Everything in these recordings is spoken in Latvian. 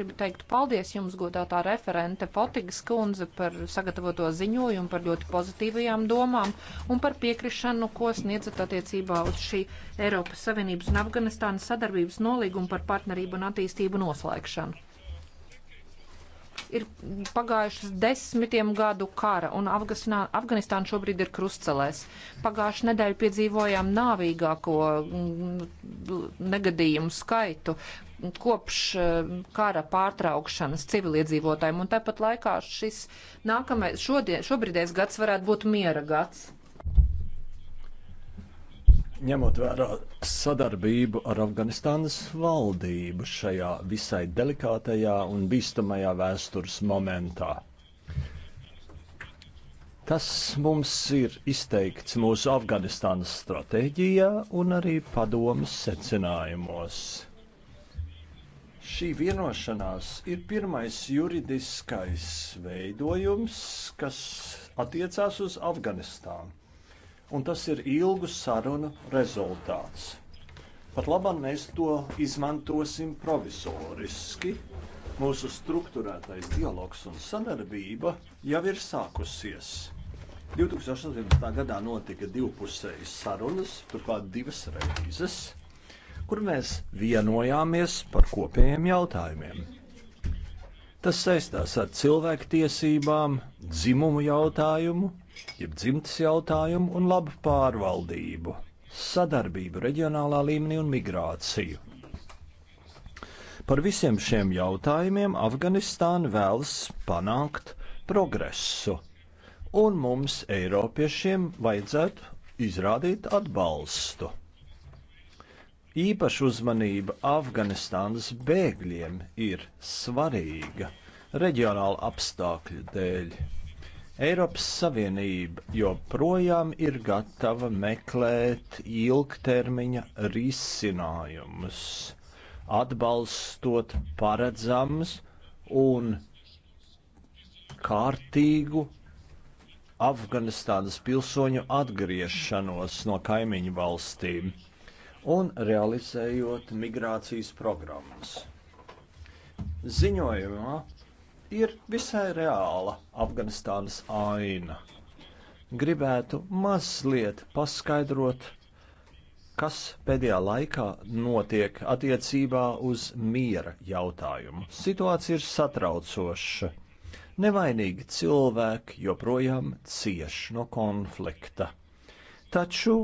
Gribu teikt paldies jums, godātā referente Fotigas kundze, par sagatavoto ziņojumu, par ļoti pozitīvajām domām un par piekrišanu, ko sniedzat attiecībā uz šī Eiropas Savienības un Afganistānas sadarbības nolīgumu par partnerību un attīstību noslēgšanu ir pagājušas desmitiem gadu kara, un Afgasnā, Afganistāna šobrīd ir krustcelēs. Pagājušajā nedēļā piedzīvojām nāvīgāko mm, negadījumu skaitu kopš mm, kara pārtraukšanas civiliedzīvotājiem, un tāpat laikā šis nākamais, šodien, šobrīdējais gads varētu būt miera gads ņemot vērā sadarbību ar Afganistānas valdību šajā visai delikātajā un bīstamajā vēstures momentā. Tas mums ir izteikts mūsu Afganistānas stratēģijā un arī padomas secinājumos. Šī vienošanās ir pirmais juridiskais veidojums, kas attiecās uz Afganistānu un tas ir ilgu sarunu rezultāts. Pat labam mēs to izmantosim provizoriski. Mūsu struktūrētais dialogs un sadarbība jau ir sākusies. 2018. gadā notika divpusējas sarunas, turklāt divas reizes, kur mēs vienojāmies par kopējiem jautājumiem. Tas saistās ar cilvēku tiesībām, dzimumu jautājumu, jeb dzimtas jautājumu un labu pārvaldību, sadarbību reģionālā līmenī un migrāciju. Par visiem šiem jautājumiem Afganistāna vēlas panākt progresu, un mums, Eiropiešiem, vajadzētu izrādīt atbalstu. Īpaša uzmanība Afganistānas bēgļiem ir svarīga reģionāla apstākļu dēļ. Eiropas Savienība joprojām ir gatava meklēt ilgtermiņa risinājumus, atbalstot paredzams un kārtīgu Afganistānas pilsoņu atgriešanos no kaimiņu valstīm un realizējot migrācijas programmas. Ziņojumā ir visai reāla Afganistānas aina. Gribētu mazliet paskaidrot, kas pēdējā laikā notiek attiecībā uz miera jautājumu. Situācija ir satraucoša. Nevainīgi cilvēki joprojām cieš no konflikta. Taču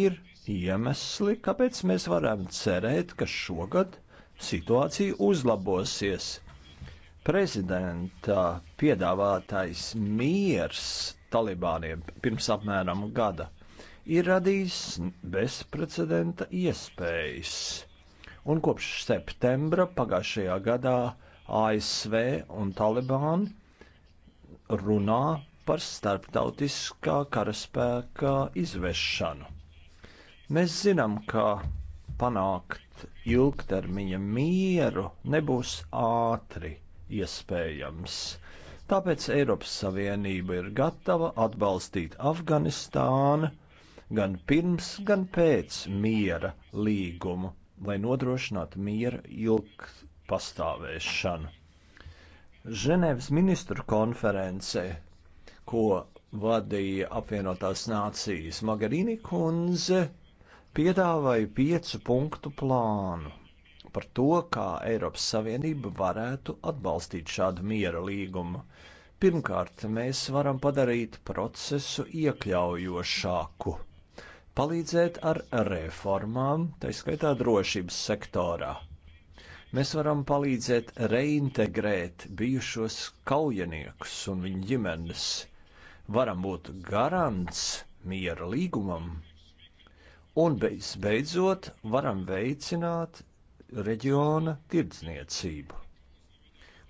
ir iemesli, kāpēc mēs varam cerēt, ka šogad situācija uzlabosies. Prezidenta piedāvātais miers talibāniem pirms apmēram gada ir radījis bezprecedenta iespējas. Un kopš septembra pagājušajā gadā ASV un Talibāni runā par starptautiskā karaspēka izvešanu. Mēs zinām, ka panākt ilgtermiņa mieru nebūs ātri iespējams. Tāpēc Eiropas Savienība ir gatava atbalstīt Afganistānu gan pirms, gan pēc miera līgumu, lai nodrošinātu miera ilgpastāvēšanu. Ženēvas ministru konferencē, ko vadīja apvienotās nācijas Magarīni kundze, piedāvāju piecu punktu plānu par to, kā Eiropas Savienība varētu atbalstīt šādu miera līgumu. Pirmkārt, mēs varam padarīt procesu iekļaujošāku, palīdzēt ar reformām, tā skaitā drošības sektorā. Mēs varam palīdzēt reintegrēt bijušos kaujiniekus un viņu ģimenes. Varam būt garants miera līgumam, Un beidz, beidzot, varam veicināt reģiona tirdzniecību.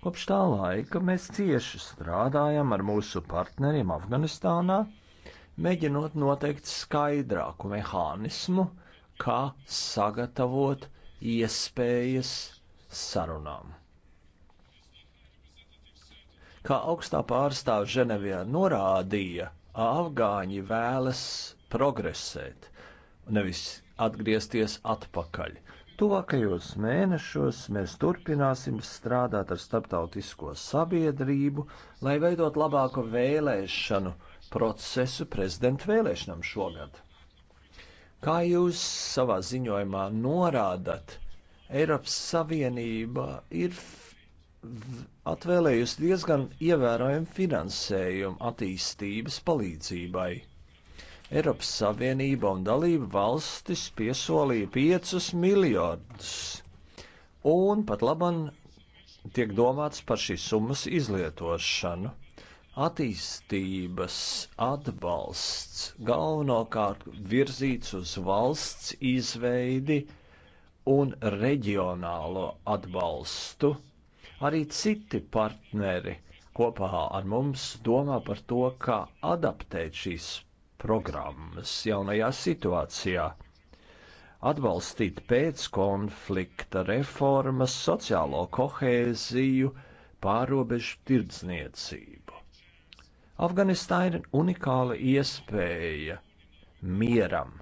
Kopš tā laika mēs cieši strādājam ar mūsu partneriem Afganistānā, mēģinot noteikt skaidrāku mehānismu, kā sagatavot iespējas sarunām. Kā augstā pārstāve Ženevijā norādīja, afgāņi vēlas progresēt, nevis atgriezties atpakaļ. Tuvākajos mēnešos mēs turpināsim strādāt ar starptautisko sabiedrību, lai veidot labāku vēlēšanu procesu prezidentu vēlēšanām šogad. Kā jūs savā ziņojumā norādat, Eiropas Savienība ir atvēlējusi diezgan ievērojumu finansējumu attīstības palīdzībai. Eiropas Savienība un dalība valstis piesolīja 5 miljardus, un pat laban tiek domāts par šīs summas izlietošanu. Attīstības atbalsts galvenokārt virzīts uz valsts izveidi un reģionālo atbalstu. Arī citi partneri kopā ar mums domā par to, kā adaptēt šīs programmas jaunajā situācijā, atbalstīt pēckonflikta reformas, sociālo kohēziju, pārobežu tirdzniecību. Afganistāna ir unikāla iespēja mieram,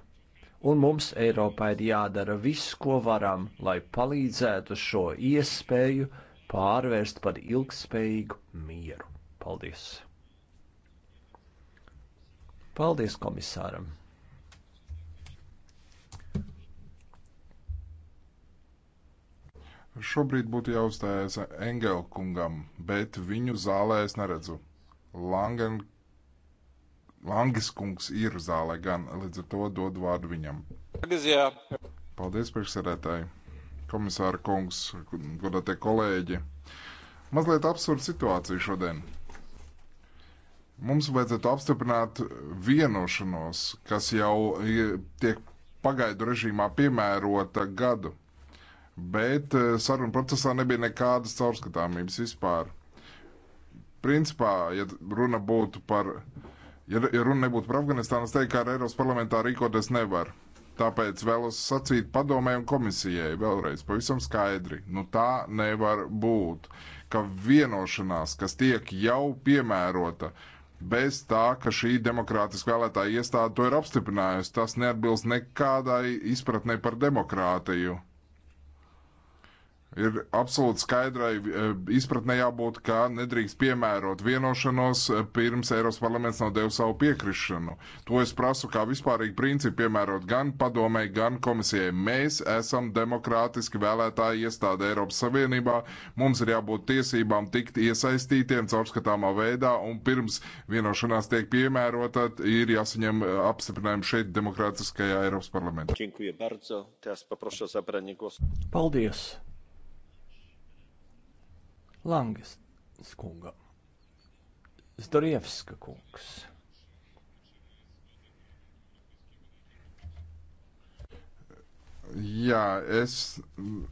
un mums Eiropā ir jādara viss, ko varam, lai palīdzētu šo iespēju pārvērst par ilgspējīgu mieru. Paldies! Paldies komisāram! Šobrīd būtu jāuzstājas Engela kungam, bet viņu zālē es neredzu. Langen, Langis kungs ir zālē gan, līdz ar to dod vārdu viņam. Paldies, priekšsēdētāji, komisāra kungs, godātie kolēģi. Mazliet absurda situācija šodien. Mums vajadzētu apstiprināt vienošanos, kas jau tiek pagaidu režīmā piemērota gadu, bet e, saruna procesā nebija nekādas caurskatāmības vispār. Principā, ja runa būtu par, ja, ja runa nebūtu par Afganistānu, es teiktu, ka ar Eiropas parlamentā rīkoties nevar. Tāpēc vēlos sacīt padomē un komisijai vēlreiz pavisam skaidri. Nu tā nevar būt, ka vienošanās, kas tiek jau piemērota, uh, bez tā, ka šī demokrātiski vēlētā iestāde to ir apstiprinājusi. Tas neatbilst nekādai izpratnē par demokrātiju. Ir absolūti skaidrai e, izpratnē jābūt, ka nedrīkst piemērot vienošanos e, pirms Eiropas parlaments nav devis savu piekrišanu. To es prasu kā vispārīgi principu piemērot gan padomē, gan komisijai. Mēs esam demokrātiski vēlētāji iestāde Eiropas Savienībā. Mums ir jābūt tiesībām tikt iesaistītiem caurskatāmā veidā un pirms vienošanās tiek piemērota, ir jāsaņem e, apstiprinājumi šeit demokrātiskajā Eiropas parlamentā. Paldies! Langas skungam. Zdorievska kungs. Jā, es.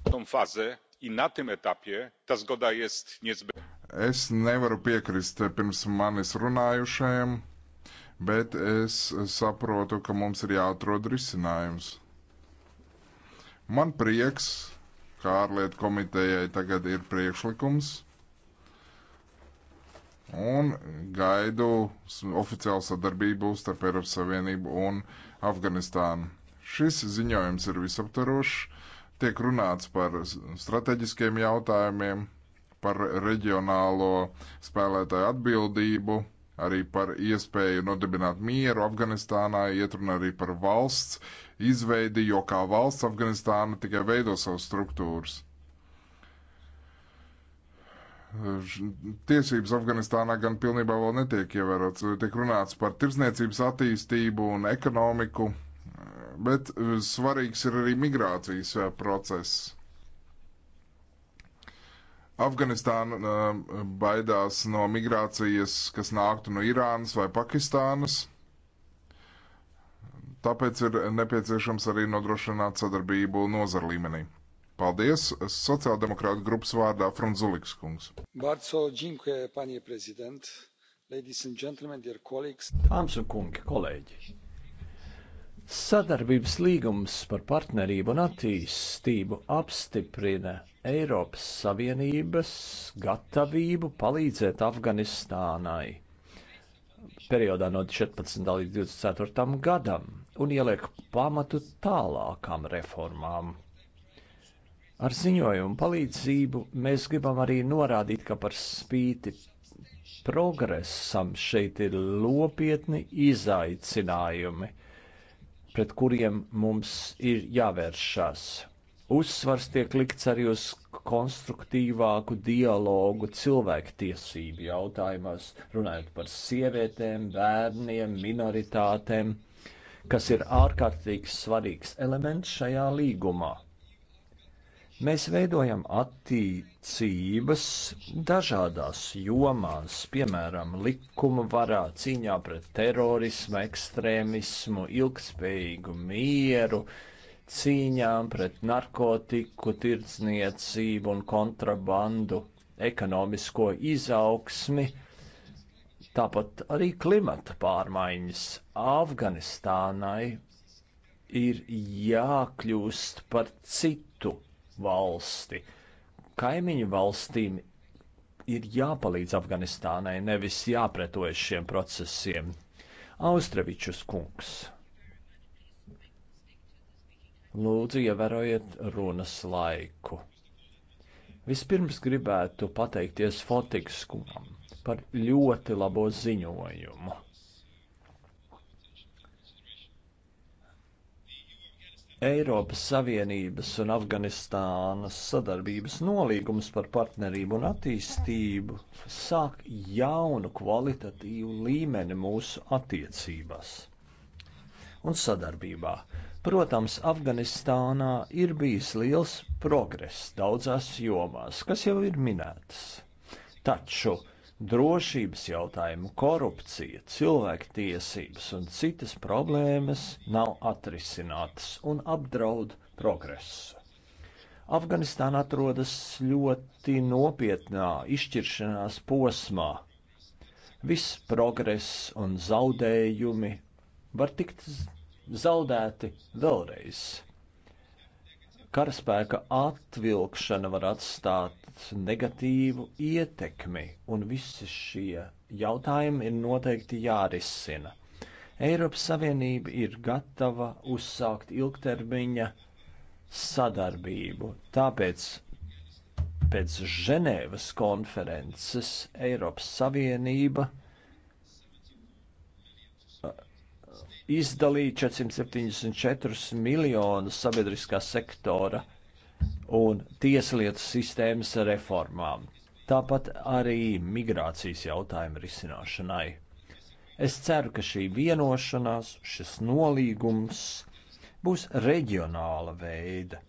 Tą fazę i na tym etapie ta zgoda jest niezbędna. Es nevaru piekrist eh, pirms manis runājušajam, bet es saprotu, ka mums ir jāatrod risinājums. Man prieks, ka ārlietu komitejai tagad ir priekšlikums un gaidu oficiālu sadarbību starp Eiropas Savienību un Afganistānu. Šis ziņojums ir visaptarošs, tiek runāts par strateģiskiem jautājumiem, par reģionālo spēlētāju atbildību, arī par iespēju nodibināt mieru Afganistānā, ietruna arī par valsts izveidi, jo kā valsts Afganistāna tikai veido savas struktūras tiesības Afganistānā gan pilnībā vēl netiek ievērots. Tiek runāts par tirsniecības attīstību un ekonomiku, bet svarīgs ir arī migrācijas eh, process. Afganistāna eh, baidās no migrācijas, kas nāktu no Irānas vai Pakistānas. Tāpēc ir nepieciešams arī nodrošināt sadarbību nozar līmenī. Paldies! Sociāldemokrāta grupas vārdā Frunzuliks kungs. Barco, džinkuē, panie prezident, ladies and gentlemen, dear colleagues. Dāmas un kungi, kolēģi! Sadarbības līgums par partnerību un attīstību apstiprina Eiropas Savienības gatavību palīdzēt Afganistānai periodā no 14. līdz 24. gadam un ieliek pamatu tālākām reformām. Ar ziņojumu palīdzību mēs gribam arī norādīt, ka par spīti progresam šeit ir lopietni izaicinājumi, pret kuriem mums ir jāvēršās. Uzsvars tiek likts arī uz konstruktīvāku dialogu cilvēktiesību jautājumos, runājot par sievietēm, bērniem, minoritātēm, kas ir ārkārtīgi svarīgs elements šajā līgumā. Mēs veidojam attiecības dažādās jomās, piemēram, likuma varā, cīņā pret terorismu, ekstrēmismu, ilgspējīgu mieru, cīņām pret narkotiku, tirdzniecību un kontrabandu, ekonomisko izaugsmi, tāpat arī klimata pārmaiņas Afganistānai ir jākļūst par citu valsti. Kaimiņu valstīm ir jāpalīdz Afganistānai, nevis jāpretojas šiem procesiem. Austrevičus kungs. Lūdzu, ievērojiet runas laiku. Vispirms gribētu pateikties Fotiks kungam par ļoti labo ziņojumu. Eiropas Savienības un Afganistānas sadarbības nolīgums par partnerību un attīstību sāk jaunu kvalitatīvu līmeni mūsu attiecībās un sadarbībā. Protams, Afganistānā ir bijis liels progress daudzās jomās, kas jau ir minētas. Taču drošības jautājumu, korupcija, cilvēktiesības un citas problēmas nav atrisinātas un apdraud progresu. Afganistāna atrodas ļoti nopietnā izšķiršanās posmā. Viss progress un zaudējumi var tikt zaudēti vēlreiz. Karaspēka atvilkšana var atstāt valsts negatīvu ietekmi, un visi šie jautājumi ir noteikti jārisina. Eiropas Savienība ir gatava uzsākt ilgtermiņa sadarbību, tāpēc pēc Ženēvas konferences Eiropas Savienība izdalīja 474 miljonus sabiedriskā sektora un tieslietu sistēmas reformām, tāpat arī migrācijas jautājumu risināšanai. Es ceru, ka šī vienošanās, šis nolīgums būs reģionāla veida,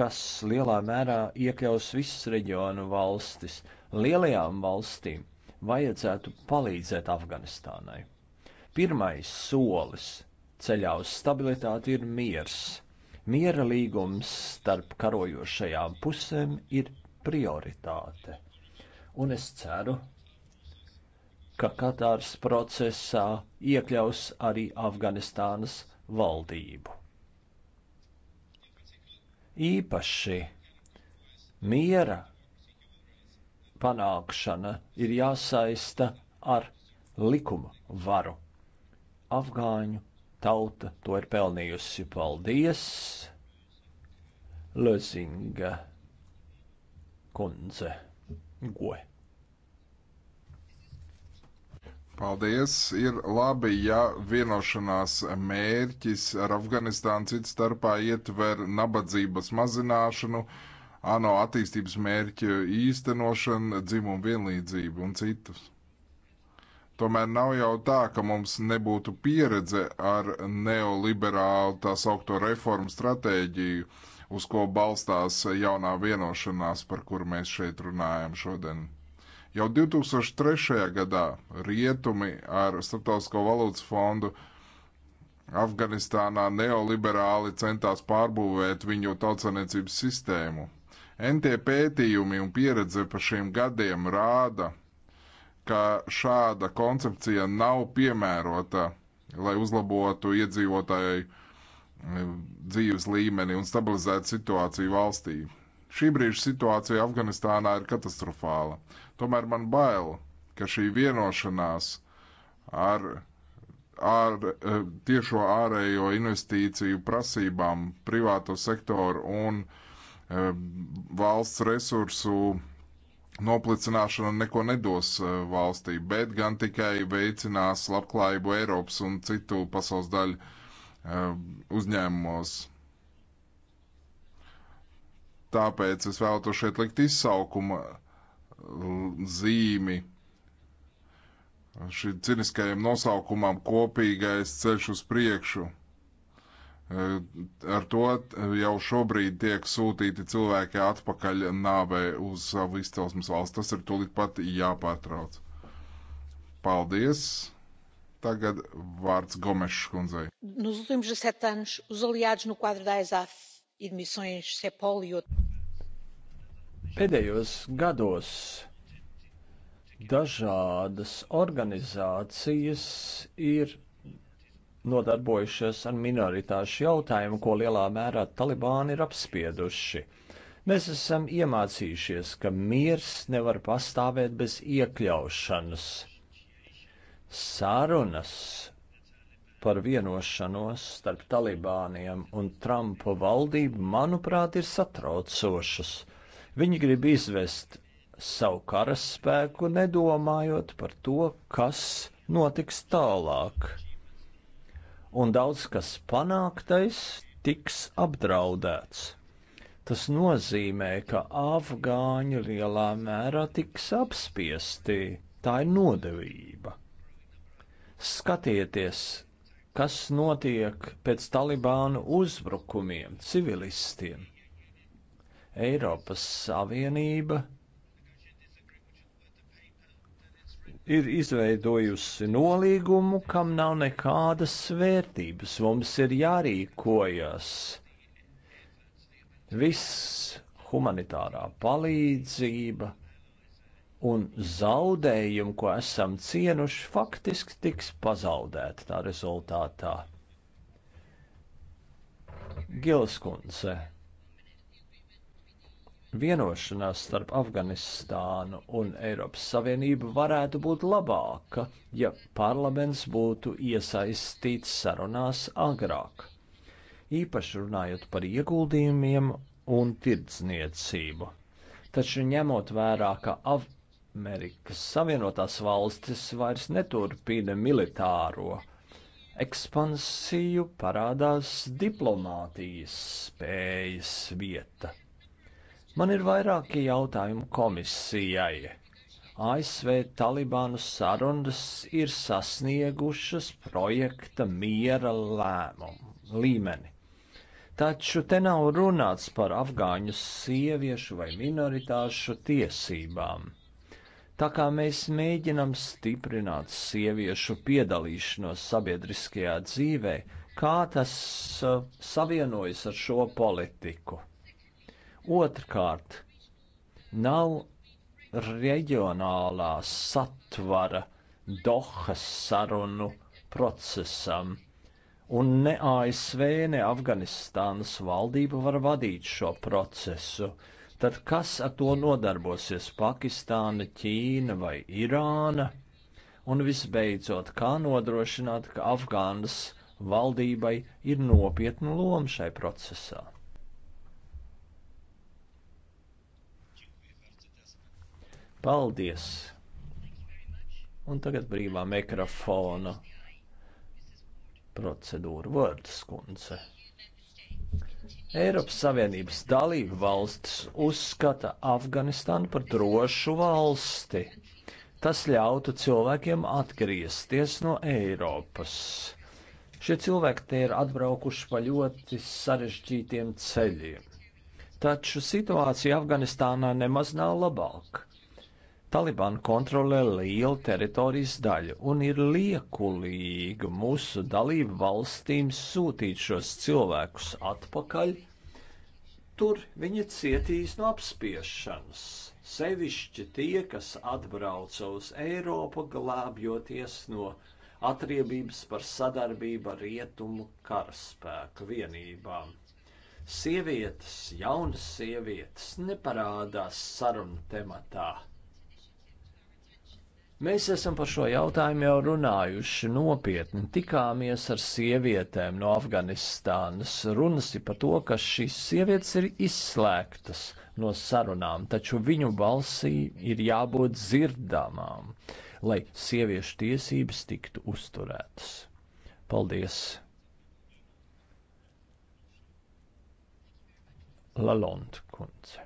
kas lielā mērā iekļaus visas reģionu valstis. Lielajām valstīm vajadzētu palīdzēt Afganistānai. Pirmais solis ceļā uz stabilitāti ir miers Miera līgums starp karojošajām pusēm ir prioritāte. Un es ceru, ka Katāras procesā iekļaus arī Afganistānas valdību. Īpaši miera panākšana ir jāsaista ar likuma varu afgāņu Tauta to ir pelnījusi. Paldies! Lösinga kundze. Goe. Paldies! Ir labi, ja vienošanās mērķis ar Afganistānu cits starpā ietver nabadzības mazināšanu, ANO attīstības mērķu īstenošanu, dzimumu vienlīdzību un citus. Tomēr nav jau tā, ka mums nebūtu pieredze ar neoliberālu tā saukto reformu stratēģiju, uz ko balstās jaunā vienošanās, par kuru mēs šeit runājam šodien. Jau 2003. gadā rietumi ar Startautisko valūtas fondu Afganistānā neoliberāli centās pārbūvēt viņu tautsaniecības sistēmu. NT pētījumi un pieredze par šiem gadiem rāda, ka šāda koncepcija nav piemērota, lai uzlabotu iedzīvotāju mm, dzīves līmeni un stabilizētu situāciju valstī. Šī brīža situācija Afganistānā ir katastrofāla. Tomēr man bail, ka šī vienošanās ar, ar e, tiešo ārējo investīciju prasībām privāto sektoru un e, valsts resursu noplicināšana neko nedos eh, valstī, bet gan tikai veicinās labklājību Eiropas un citu pasaules daļu eh, uzņēmumos. Tāpēc es vēlētos šeit likt izsaukuma eh, zīmi šim ciniskajam nosaukumam kopīgais ceļš uz priekšu. Ar to jau šobrīd tiek sūtīti cilvēki atpakaļ nāvē uz savu izcelsmes valsts. Tas ir tūlīt pat jāpārtrauc. Paldies! Tagad vārds Gomešs kundzei. Nos últimos 17 anos, os aliados no quadro da ESAF e de missões CEPOL e outras. Pēdējos gados dažādas organizācijas ir nodarbojušies ar minoritāšu jautājumu, ko lielā mērā talibāni ir apspieduši. Mēs esam iemācījušies, ka miers nevar pastāvēt bez iekļaušanas. Sarunas par vienošanos starp talibāniem un Trumpa valdību, manuprāt, ir satraucošas. Viņi grib izvest savu karaspēku, nedomājot par to, kas notiks tālāk un daudz kas panāktais tiks apdraudēts. Tas nozīmē, ka afgāņi lielā mērā tiks apspiesti. Tā ir nodevība. Skatieties, kas notiek pēc Talibānu uzbrukumiem civilistiem. Eiropas Savienība ir izveidojusi nolīgumu, kam nav nekādas vērtības. Mums ir jārīkojas. Viss humanitārā palīdzība un zaudējumi, ko esam cienuši, faktiski tiks pazaudēti tā rezultātā. Gilskundze vienošanās starp Afganistānu un Eiropas Savienību varētu būt labāka, ja parlaments būtu iesaistīts sarunās agrāk, īpaši runājot par ieguldījumiem un tirdzniecību. Taču ņemot vērā, ka Amerikas Savienotās valstis vairs neturpina militāro ekspansiju, parādās diplomātijas spējas vieta Man ir vairāki jautājumi komisijai. ASV Talibānu sarunas ir sasniegušas projekta miera lēmumu līmeni. Taču te nav runāts par afgāņu sieviešu vai minoritāšu tiesībām. Tā kā mēs mēģinam stiprināt sieviešu piedalīšanos sabiedriskajā dzīvē, kā tas uh, savienojas ar šo politiku? Otrkārt, nav reģionālā satvara Dohas sarunu procesam, un ne ASV, ne Afganistānas valdība var vadīt šo procesu. Tad kas ar to nodarbosies - Pakistāna, Ķīna vai Irāna? Un visbeidzot, kā nodrošināt, ka Afgānas valdībai ir nopietna loma šai procesā? Paldies! Un tagad brīvā mikrofona procedūra Vārdas kundze. Eiropas Savienības dalību valstis uzskata Afganistānu par drošu valsti. Tas ļautu cilvēkiem atgriezties no Eiropas. Šie cilvēki te ir atbraukuši pa ļoti sarežģītiem ceļiem. Taču situācija Afganistānā nemaz nav labāka. Taliban kontrolē lielu teritorijas daļu un ir liekulīgi mūsu dalību valstīm sūtīt šos cilvēkus atpakaļ. Tur viņi cietīs no apspiešanas, sevišķi tie, kas atbrauca uz Eiropu, glābjoties no atriebības par sadarbību ar rietumu karaspēku vienībām. Sievietes, jaunas sievietes neparādās sarunu tematā Mēs esam par šo jautājumu jau runājuši nopietni, tikāmies ar sievietēm no Afganistānas. Runas ir par to, ka šīs sievietes ir izslēgtas no sarunām, taču viņu balsī ir jābūt dzirdamām, lai sieviešu tiesības tiktu uzturētas. Paldies! Lalonde kundze.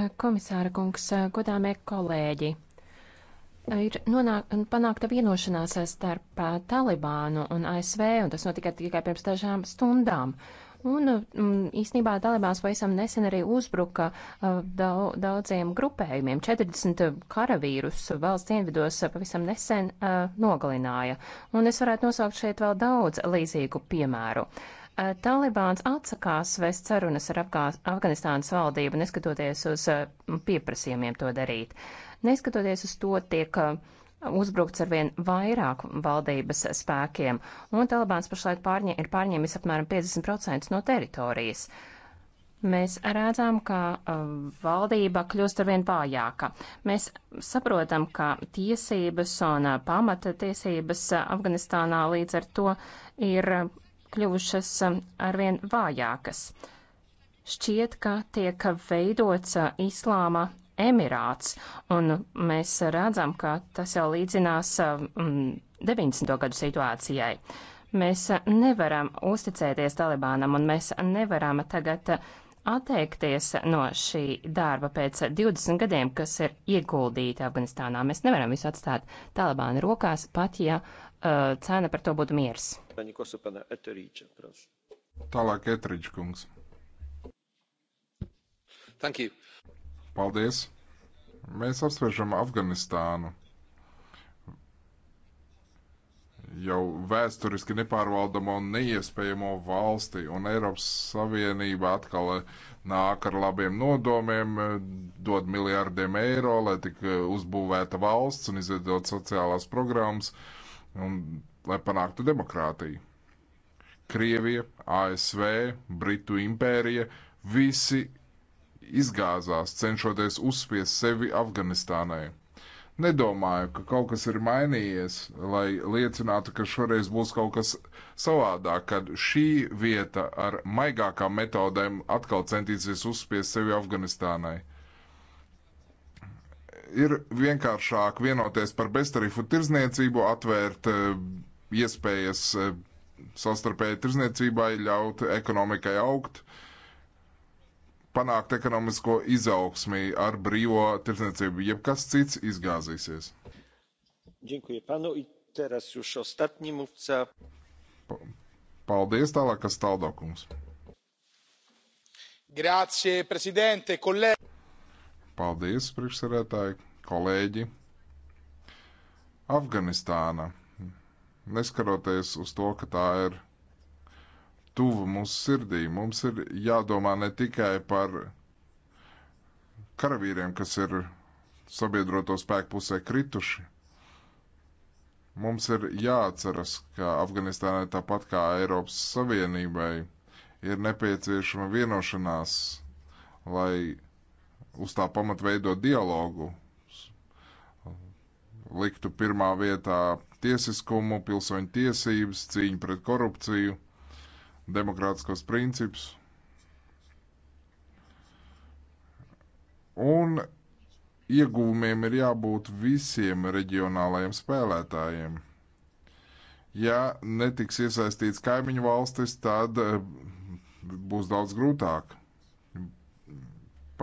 Eh, komisāra kungs, eh, godāmie kolēģi, eh, ir nonāk, panākta vienošanās starp Talibānu un ASV, un tas notika tikai pirms dažām stundām. Uh, Un mm, īsnībā dalībās pavisam nesen arī uzbruka daudziem grupējumiem. 40 karavīrus valsts dienvidos pavisam nesen nogalināja. Un es varētu nosaukt šeit vēl daudz līdzīgu piemēru. Talibāns atsakās vest sarunas ar Afgās, Afganistānas valdību, neskatoties uz pieprasījumiem to darīt. Neskatoties uz to, tiek uh, uzbrukts ar vien vairāk valdības spēkiem, un Talibāns pašlaik pārņē, ir pārņēmis apmēram 50% no teritorijas. Mēs redzam, ka uh, valdība kļūst ar vien vājāka. Mēs saprotam, ka tiesības un uh, pamata tiesības uh, Afganistānā līdz ar to ir kļuvušas um, ar vien vājākas. Šķiet, ka tiek veidots islāma Emirāts, un mēs redzam, ka tas jau līdzinās mm, 90. gadu situācijai. Mēs nevaram uzticēties Talibānam, un mēs nevaram tagad atteikties no šī darba pēc 20 gadiem, kas ir ieguldīta Afganistānā. Mēs nevaram visu atstāt Talibāna rokās, pat ja uh, cena par to būtu miers. Tālāk Etriģis kungs. Thank you. Paldies! Mēs apspriežam Afganistānu. Jau vēsturiski nepārvaldamo un neiespējamo valsti, un Eiropas Savienība atkal nāk ar labiem nodomiem, dod miljārdiem eiro, lai tik uzbūvēta valsts un izveidot sociālās programmas, un lai panāktu demokrātiju. Krievija, ASV, Britu impērija, visi izgāzās, cenšoties uzspiest sevi Afganistānai. Nedomāju, ka kaut kas ir mainījies, lai liecinātu, ka šoreiz būs kaut kas savādāk, kad šī vieta ar maigākām metodēm atkal centīsies uzspiest sevi Afganistānai ir vienkāršāk vienoties par beztarifu tirzniecību, atvērt eh, iespējas eh, sastarpēji tirzniecībai, ļaut ekonomikai augt, uh, panākt ekonomisko izaugsmi ar brīvo tirdzniecību. Jebkas cits izgāzīsies. Dziękuję panu i teraz już ostatni mówca. Paldies, tālāk, kas taldokums. Grazie, prezidente, kolēģi. Paldies, priekšsarētāji, kolēģi. Afganistāna, neskaroties uz to, ka tā ir tuvu mūsu sirdī. Mums ir jādomā ne tikai par karavīriem, kas ir sabiedroto spēku pusē krituši. Mums ir jāatceras, ka Afganistānai tāpat kā Eiropas Savienībai ir nepieciešama vienošanās, lai uz tā pamata veidot dialogu, liktu pirmā vietā tiesiskumu, pilsoņu tiesības, cīņu pret korupciju – demokrātiskos principus. Un ieguvumiem ir jābūt visiem reģionālajiem spēlētājiem. Ja netiks iesaistīts kaimiņu valstis, tad eh, būs daudz grūtāk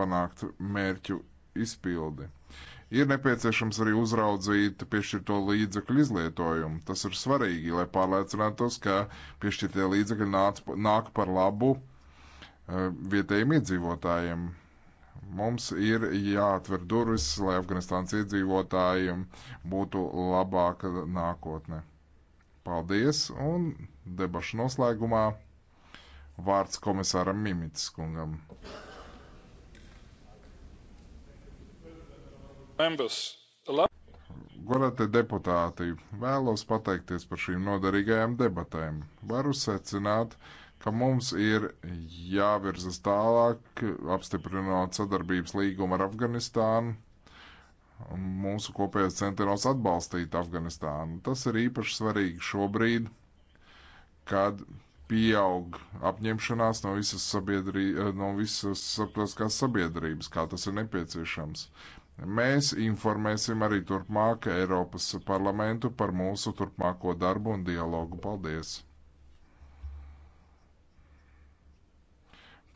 panākt mērķu izpildi. Ir nepieciešams arī uzraudzīt piešķirto līdzekļu izlietojumu. Tas ir svarīgi, lai pārliecinātos, ka piešķirtie līdzekļi nāc, nāk par labu eh, vietējiem iedzīvotājiem. Mums ir jāatver durvis, lai Afganistānas iedzīvotājiem būtu labāka nākotne. Paldies, un debašu noslēgumā vārds komisāram Mimits kungam. Godātie deputāti, vēlos pateikties par šīm noderīgajām debatēm. Varu secināt, ka mums ir jāvirzas tālāk, apstiprinot sadarbības līgumu ar Afganistānu un mūsu kopējos centienos atbalstīt Afganistānu. Tas ir īpaši svarīgi šobrīd, kad pieaug apņemšanās no visas, sabiedrī, no visas starptautiskās sabiedrības, kā tas ir nepieciešams. Mēs informēsim arī turpmāk Eiropas parlamentu par mūsu turpmāko darbu un dialogu. Paldies!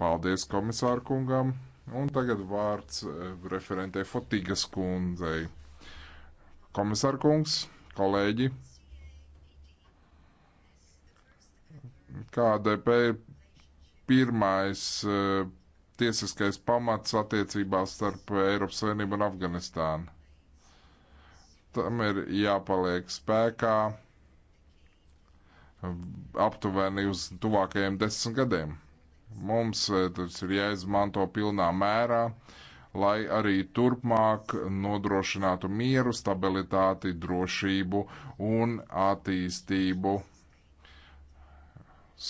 Paldies komisāru kungam! Un tagad vārds eh, referentē Fotīgas kundzei. Komisār kungs, kolēģi, KDP ir pirmais eh, tiesiskais pamats attiecībās starp Eiropas Savienību un Afganistānu. Tam ir jāpaliek spēkā aptuveni uz tuvākajiem desmit gadiem. Mums eh, tas ir jāizmanto pilnā mērā, lai arī turpmāk nodrošinātu mieru, stabilitāti, drošību un attīstību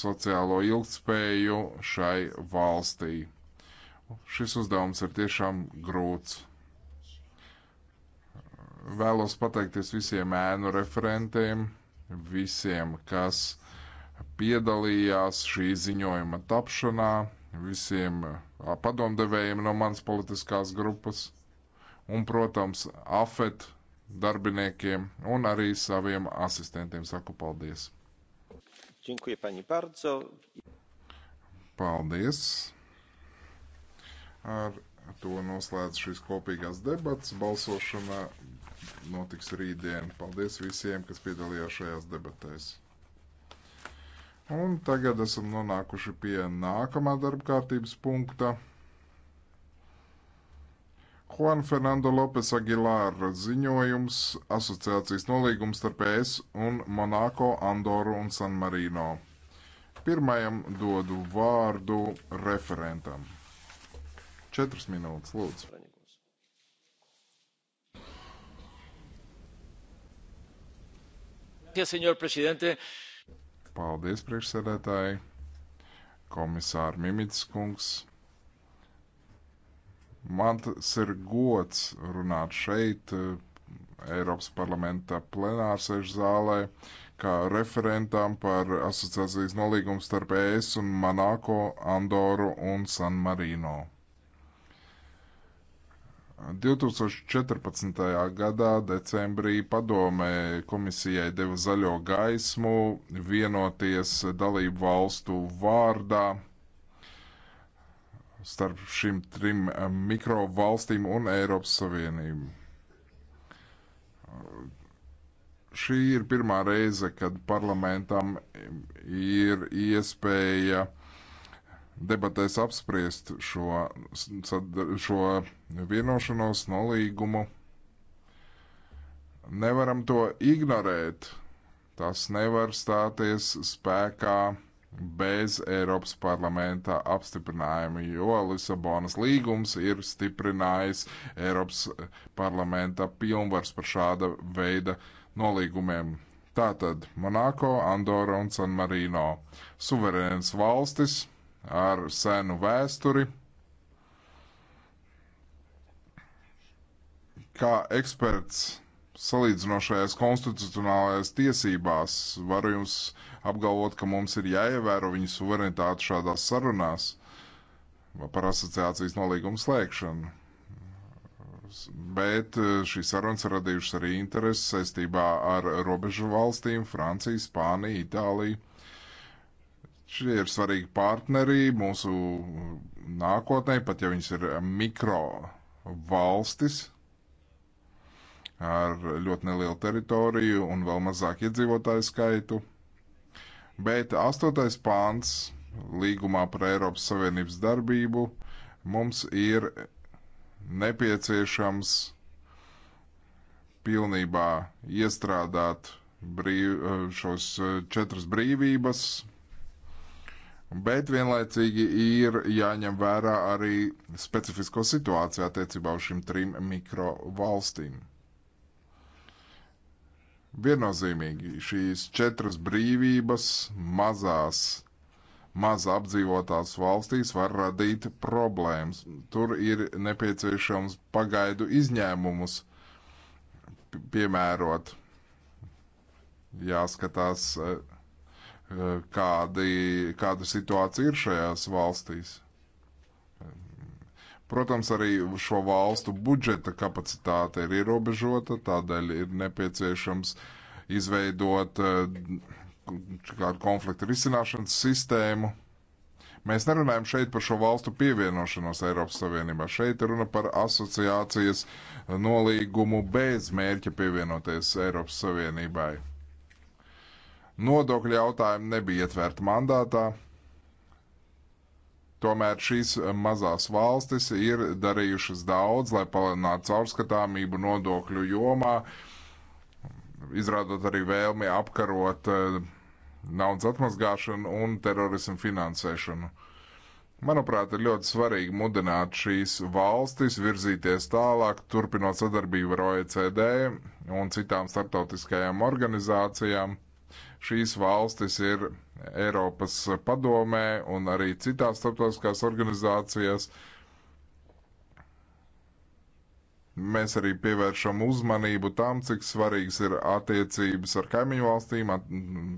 sociālo ilgspēju šai valstī. Šis uzdevums ir tiešām grūts. Vēlos pateikties visiem ēnu referentiem, visiem, kas piedalījās šī ziņojuma tapšanā, visiem padomdevējiem no manas politiskās grupas un, protams, afet darbiniekiem un arī saviem asistentiem saku paldies. Dziękuję pani bardzo. Paldies. Ar to noslēdz šīs kopīgās debatas. Balsošana notiks rītdien. Paldies visiem, kas piedalījās šajās debatēs. Un tagad esam nonākuši pie nākamā darba kārtības punkta. Juan Fernando Lopes Aguilar ziņojums asociācijas nolīgums starp ES un Monako, Andoru un San Marino. Pirmajam dodu vārdu referentam. Četras minūtes, lūdzu. Paldies, priekšsēdētāji, komisāri Mimits kungs. Man tas ir gods runāt šeit, Eiropas parlamenta plenārsēžu zālē, kā referentam par asociācijas nolīgumu starp ES un Manako, Andoru un San Marino. 2014. gadā decembrī padomē komisijai deva zaļo gaismu vienoties dalību valstu vārdā starp šīm trim mikro valstīm un Eiropas Savienību. Šī ir pirmā reize, kad parlamentam ir iespēja uh, debatēs apspriest šo, šo vienošanos, nolīgumu. Nevaram to ignorēt. Tas nevar stāties spēkā bez Eiropas parlamenta apstiprinājuma, jo Lisabonas līgums ir stiprinājis Eiropas parlamenta pilnvars par šāda veida nolīgumiem. Tātad Monako, Andora un San Marino - suverēnas valstis, ar senu vēsturi. Kā eksperts salīdzinošajās konstitucionālajās tiesībās varu jums apgalvot, ka mums ir jāievēro viņa suverenitāte šādās sarunās par asociācijas nolīgumu slēgšanu. Bet eh, šīs sarunas radījušas arī intereses saistībā ar robežu valstīm - Franciju, Spāniju, Itāliju. Šie ir svarīgi partneri mūsu nākotnē, pat ja viņas ir mikro valstis ar ļoti nelielu teritoriju un vēl mazāk iedzīvotāju skaitu. Bet astotais pāns līgumā par Eiropas Savienības darbību mums ir nepieciešams pilnībā iestrādāt brīv, šos četras brīvības, Bet vienlaicīgi ir jāņem vērā arī specifisko situāciju attiecībā uz šīm trim mikrovalstīm. Viennozīmīgi šīs četras brīvības mazās, maz apdzīvotās valstīs var radīt problēmas. Tur ir nepieciešams pagaidu izņēmumus piemērot. Jāskatās, uh, kādi, kāda situācija ir šajās valstīs. Protams, arī šo valstu budžeta kapacitāte ir ierobežota, tādēļ ir nepieciešams izveidot eh, kādu konfliktu risināšanas sistēmu. Mēs nerunājam šeit par šo valstu pievienošanos Eiropas Savienībā. Šeit runa par asociācijas nolīgumu bez mērķa pievienoties Eiropas Savienībai. Nodokļu jautājumi nebija ietverti mandātā. Tomēr šīs mazās valstis ir darījušas daudz, lai palielinātu caurskatāmību nodokļu jomā, izrādot arī vēlmi apkarot eh, naudas atmazgāšanu un terorismu finansēšanu. Manuprāt, ir ļoti svarīgi mudināt šīs valstis virzīties tālāk, turpinot sadarbību ar OECD un citām starptautiskajām organizācijām Šīs valstis ir Eiropas padomē un arī citās starptautiskās organizācijās. Mēs arī pievēršam uzmanību tam, cik svarīgs ir attiecības ar kaimiņu valstīm, at,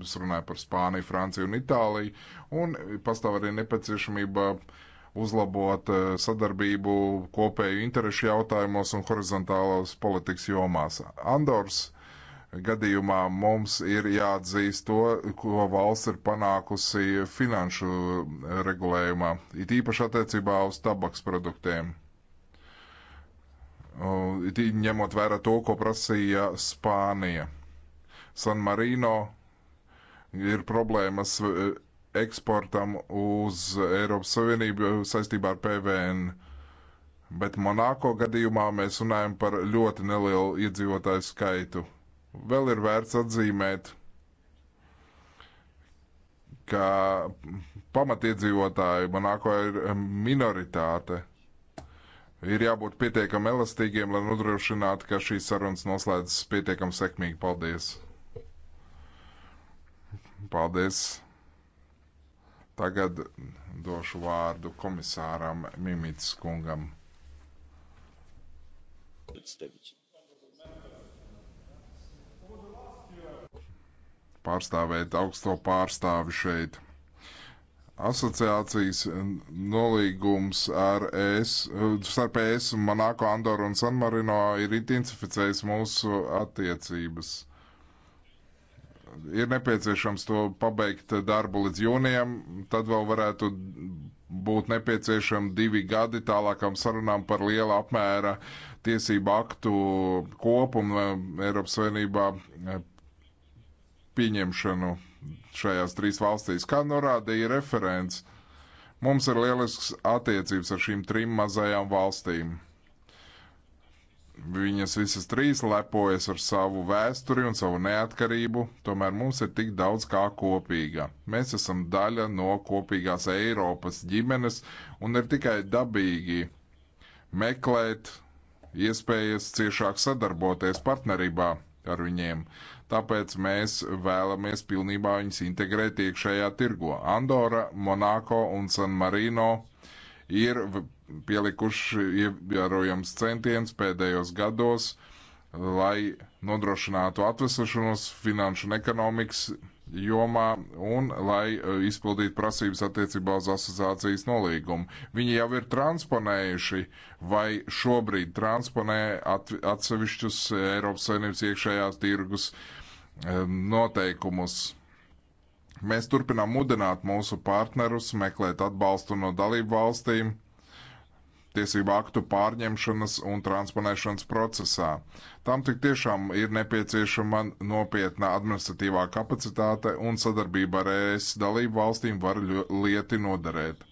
es runāju par Spāniju, Franciju un Itāliju, un pastāv arī nepieciešamība uzlabot eh, sadarbību kopēju interešu jautājumos un horizontālās politikas jomās. Andors gadījumā mums ir jāatzīst to, ko valsts ir panākusi finanšu regulējumā, it īpaši attiecībā uz tabaks produktiem. It ņemot vērā to, ko prasīja Spānija. San Marino ir problēmas e, eksportam uz Eiropas Savienību saistībā ar PVN. Bet Monako gadījumā mēs runājam par ļoti nelielu iedzīvotāju skaitu Vēl ir vērts atzīmēt, ka pamatiedzīvotāji Monako ir minoritāte. Ir jābūt pietiekami elastīgiem, lai nodrošinātu, ka šīs sarunas noslēdzas pietiekami sekmīgi. Paldies! Paldies! Tagad došu vārdu komisāram Mimits kungam. Представитель. pārstāvēt augsto pārstāvi šeit. Asociācijas nolīgums ar ES, starp ES un Manāko, Andoru un San Marino ir identificējis mūsu attiecības. Ir nepieciešams to pabeigt darbu līdz jūnijam, tad vēl varētu būt nepieciešami divi gadi tālākam sarunām par liela apmēra tiesību aktu kopumu Eiropas Savienībā pieņemšanu šajās trīs valstīs. Kā norādīja referents, mums ir lielisks attiecības ar šīm trim mazajām valstīm. Viņas visas trīs lepojas ar savu vēsturi un savu neatkarību, tomēr mums ir tik daudz kā kopīga. Mēs esam daļa no kopīgās Eiropas ģimenes un ir tikai dabīgi meklēt iespējas ciešāk sadarboties partnerībā ar viņiem tāpēc mēs vēlamies pilnībā viņus integrēt iekšējā tirgo. Andora, Monako un San Marino ir pielikuši ievērojams centiens pēdējos gados, lai nodrošinātu atvesašanos finanšu un ekonomikas jomā un lai e, izpildītu prasības attiecībā uz asociācijas nolīgumu. Viņi jau ir transponējuši vai šobrīd transponē at, atsevišķus Eiropas Savienības iekšējās tirgus e, noteikumus. Mēs turpinām mudināt mūsu partnerus meklēt atbalstu no dalību valstīm tiesību aktu pārņemšanas un transponēšanas procesā. Tam tik tiešām ir nepieciešama nopietna administratīvā kapacitāte un sadarbība ar ES dalību valstīm var lieti noderēt.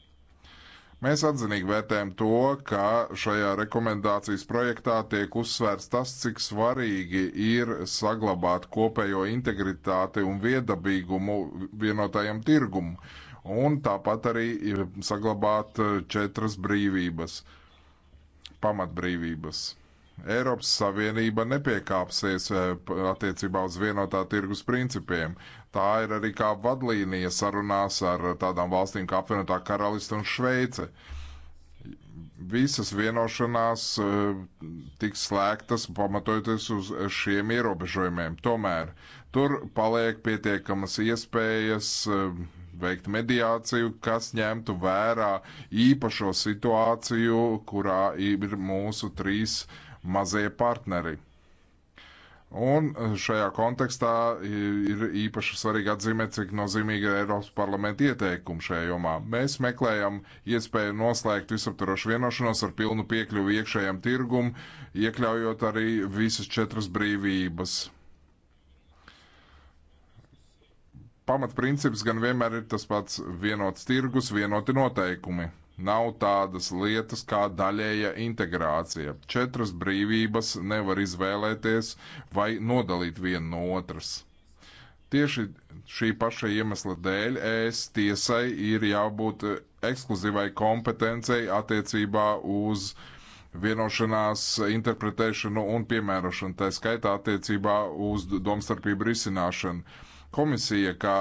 Mēs atzinīgi vērtējam to, ka šajā rekomendācijas projektā tiek uzsvērts tas, cik svarīgi ir saglabāt kopējo integritāti un viedabīgumu vienotajam tirgumam un tāpat arī e, saglabāt e, četras brīvības, pamatbrīvības. Eiropas Savienība nepiekāpsies e, attiecībā uz vienotā tirgus principiem. Tā ir arī kā vadlīnija sarunās ar tādām valstīm kā apvienotā karalista un Šveice. Visas vienošanās tiks slēgtas pamatojoties uz šiem ierobežojumiem. Tomēr tur paliek pietiekamas iespējas veikt mediāciju, kas ņemtu vērā īpašo situāciju, kurā ir mūsu trīs mazie partneri. Un šajā kontekstā ir īpaši svarīgi atzīmēt, cik nozīmīga ir Eiropas parlamenta ieteikuma šajā jomā. Mēs meklējam iespēju noslēgt visaptvarošu vienošanos ar pilnu piekļuvu iekšējam tirgum, iekļaujot arī visas četras brīvības pamatprincips gan vienmēr ir tas pats - vienots tirgus, vienoti noteikumi. Nav tādas lietas kā daļēja integrācija. Četras brīvības nevar izvēlēties vai nodalīt vienu no otras. Tieši šī paša iemesla dēļ ES tiesai ir jābūt ekskluzīvai kompetencei attiecībā uz vienošanās interpretēšanu un piemērošanu, tā skaitā attiecībā uz domstarpību risināšanu. Komisija, kā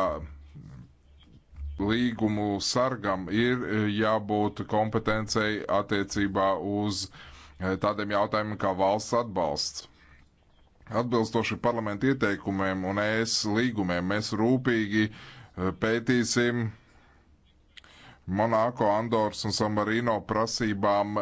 līgumu sargam, ir e, jābūt kompetencei attiecībā uz e, tādiem jautājumiem kā valsts atbalsts. Atbilstoši parlamenta ieteikumiem un ES līgumiem mēs rūpīgi e, pētīsim Monako, Andors un San Marino prasībām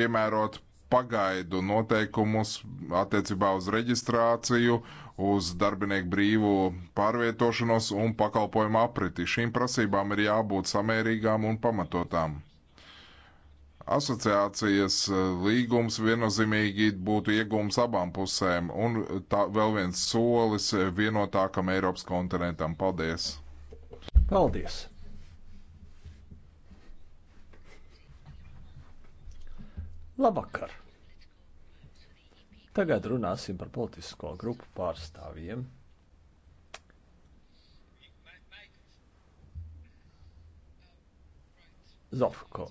piemērot pagaidu noteikumus attiecībā uz reģistrāciju uz darbinieku brīvu pārvietošanos un pakalpojumu apriti. Šīm prasībām ir jābūt samērīgām un pamatotām. Asociācijas eh, līgums viennozīmīgi būtu iegums abām pusēm un tā vēl viens solis vienotākam Eiropas kontinentam. Paldies! Paldies! Labvakar! Tagad runāsim par politisko grupu pārstāvjiem. Zofko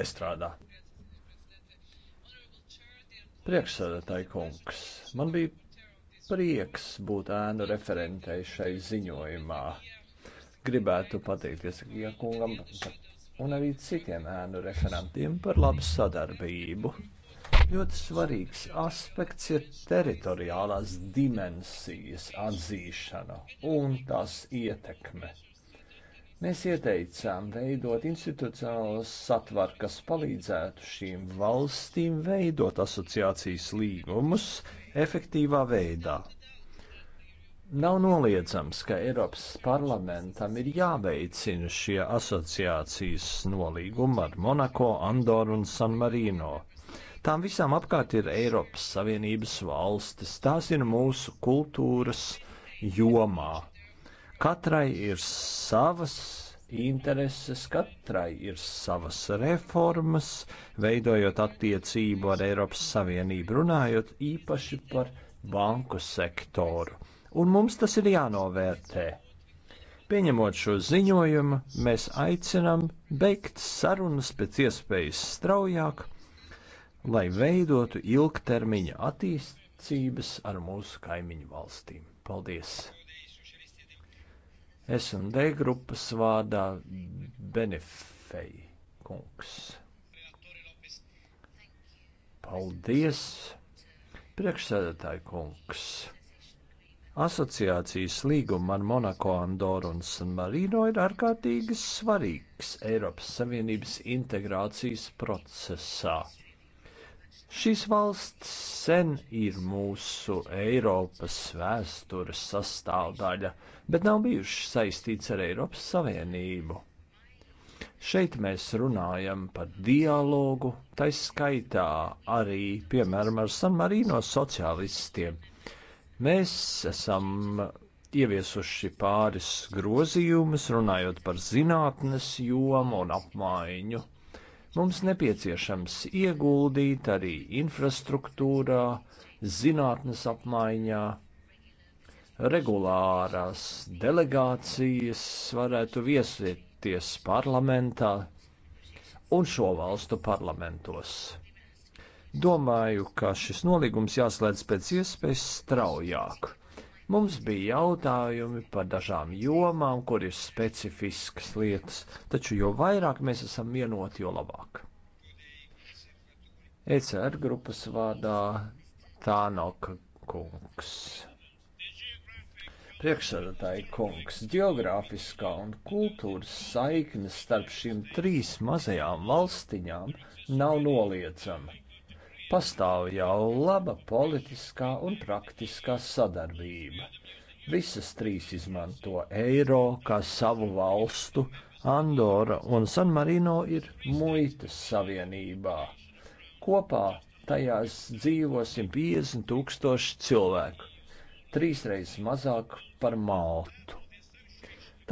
nestrādā. Priekšsēdētāji kungs, man bija prieks būt ēnu referentei šai ziņojumā. Gribētu pateikties Giekungam un arī citiem ēnu referentiem par labu sadarbību. Ļoti svarīgs aspekts ir teritoriālās dimensijas atzīšana un tās ietekme. Mēs ieteicām veidot institucionālas satvaru, kas palīdzētu šīm valstīm veidot asociācijas līgumus efektīvā veidā. Nav noliedzams, ka Eiropas parlamentam ir jāveicina šie asociācijas nolīgumi ar Monako, Andoru un San Marino. Tām visām apkārt ir Eiropas Savienības valstis. Tās ir mūsu kultūras jomā. Katrai ir savas intereses, katrai ir savas reformas, veidojot attiecību ar Eiropas Savienību, runājot īpaši par banku sektoru. Un mums tas ir jānovērtē. Pieņemot šo ziņojumu, mēs aicinām beigt sarunas pēc iespējas straujāk lai veidotu ilgtermiņa attīstības ar mūsu kaimiņu valstīm. Paldies! S&D grupas vārdā Benefei kungs. Paldies, priekšsēdētāji kungs! Asociācijas līguma ar Monako, Andoru un San Marino ir ārkārtīgi svarīgs Eiropas Savienības integrācijas procesā. Šīs valsts sen ir mūsu Eiropas vēstures sastāvdaļa, bet nav bijušas saistīts ar Eiropas Savienību. Šeit mēs runājam par dialogu, tai skaitā arī, piemēram, ar San Marino sociālistiem. Mēs esam ieviesuši pāris grozījumus, runājot par zinātnes jomu un apmaiņu Mums nepieciešams ieguldīt arī infrastruktūrā, zinātnes apmaiņā, regulārās delegācijas varētu viesieties parlamentā un šo valstu parlamentos. Domāju, ka šis nolīgums jāslēdz pēc iespējas straujāk. Mums bija jautājumi par dažām jomām, kur ir specifiskas lietas, taču jo vairāk mēs esam vienoti, jo labāk. ECR grupas vārdā Tānoka kungs. Priekšsēdētāji kungs, geogrāfiskā un kultūras saiknes starp šīm trīs mazajām valstiņām nav noliedzama Pastāv jau laba politiskā un praktiskā sadarbība. Visas trīs izmanto eiro kā savu valstu. Andora un San Marino ir muitas savienībā. Kopā tajās dzīvo 150 tūkstoši cilvēku, trīsreiz mazāk par Maltu.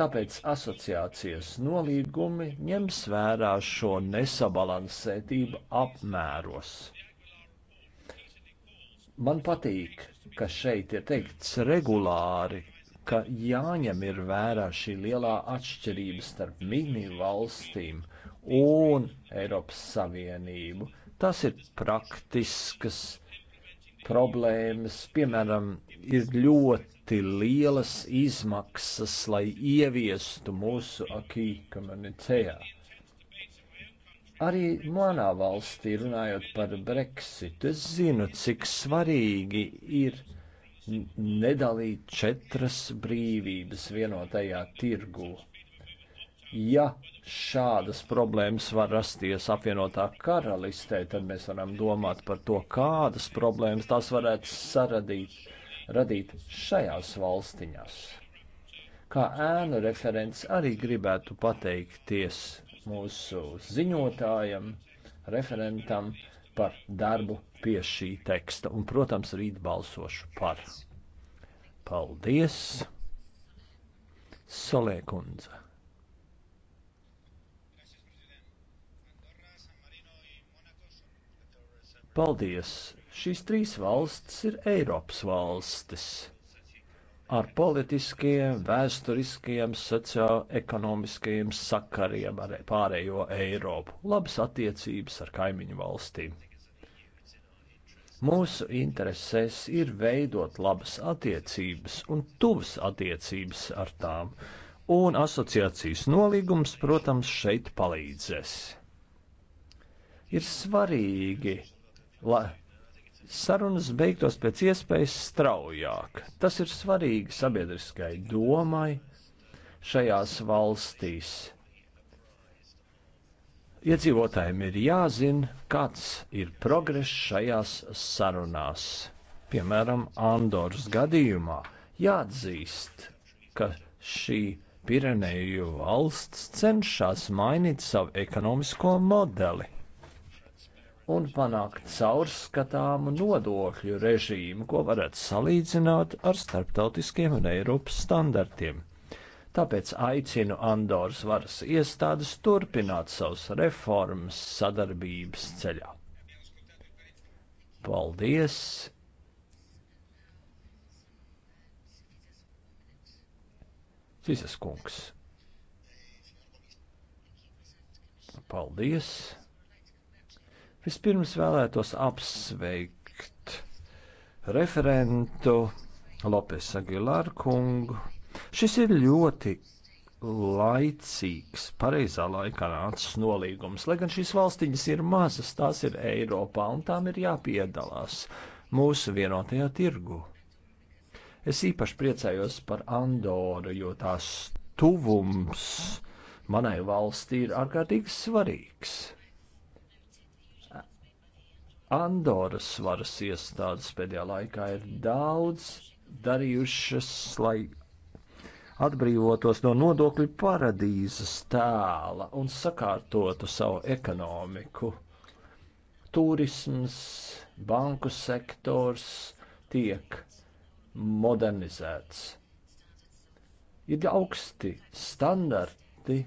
Tāpēc asociācijas nolīgumi ņems vērā šo nesabalansētību apmēros. Man patīk, ka šeit ir teikts regulāri, ka jāņem ir vērā šī lielā atšķirība starp mini valstīm un Eiropas Savienību. Tas ir praktiskas problēmas, piemēram, ir ļoti lielas izmaksas, lai ieviestu mūsu akī komunicējā. Arī manā valstī, runājot par Brexitu, es zinu, cik svarīgi ir nedalīt četras brīvības vienotajā tirgū. Ja šādas problēmas var rasties apvienotā karalistē, tad mēs varam domāt par to, kādas problēmas tās varētu saradīt, radīt šajās valstiņās. Kā ēnu referents arī gribētu pateikties mūsu ziņotājam, referentam par darbu pie šī teksta. Un, protams, rīt balsošu par. Paldies, Solēkundze! Paldies! Šīs trīs valstis ir Eiropas valstis ar politiskiem, vēsturiskiem, sociāekonomiskiem sakariem ar pārējo Eiropu, labas attiecības ar kaimiņu valstīm. Mūsu interesēs ir veidot labas attiecības un tuvas attiecības ar tām, un asociācijas nolīgums, protams, šeit palīdzēs. Ir svarīgi, lai sarunas beigtos pēc iespējas straujāk. Tas ir svarīgi sabiedriskai domai šajās valstīs. Iedzīvotājiem ir jāzina, kāds ir progress šajās sarunās. Piemēram, Andoras gadījumā jāatzīst, ka šī Pireneju valsts cenšas mainīt savu ekonomisko modeli un panākt caurskatāmu nodokļu režīmu, ko varētu salīdzināt ar starptautiskiem un Eiropas standartiem. Tāpēc aicinu Andoras varas iestādes turpināt savus reformas sadarbības ceļā. Paldies! Cisas kungs. Paldies! Vispirms vēlētos apsveikt referentu Lopes Agilāru kungu. Šis ir ļoti laicīgs, pareizā laikā nācis nolīgums, lai gan šīs valstiņas ir mazas, tās ir Eiropā un tām ir jāpiedalās mūsu vienotajā tirgu. Es īpaši priecājos par Andoru, jo tās tuvums manai valstī ir ārkārtīgi svarīgs. Andoras varas iestādes pēdējā laikā ir daudz darījušas, lai atbrīvotos no nodokļu paradīzes tēla un sakārtotu savu ekonomiku. Turisms, banku sektors tiek modernizēts. Ir augsti standarti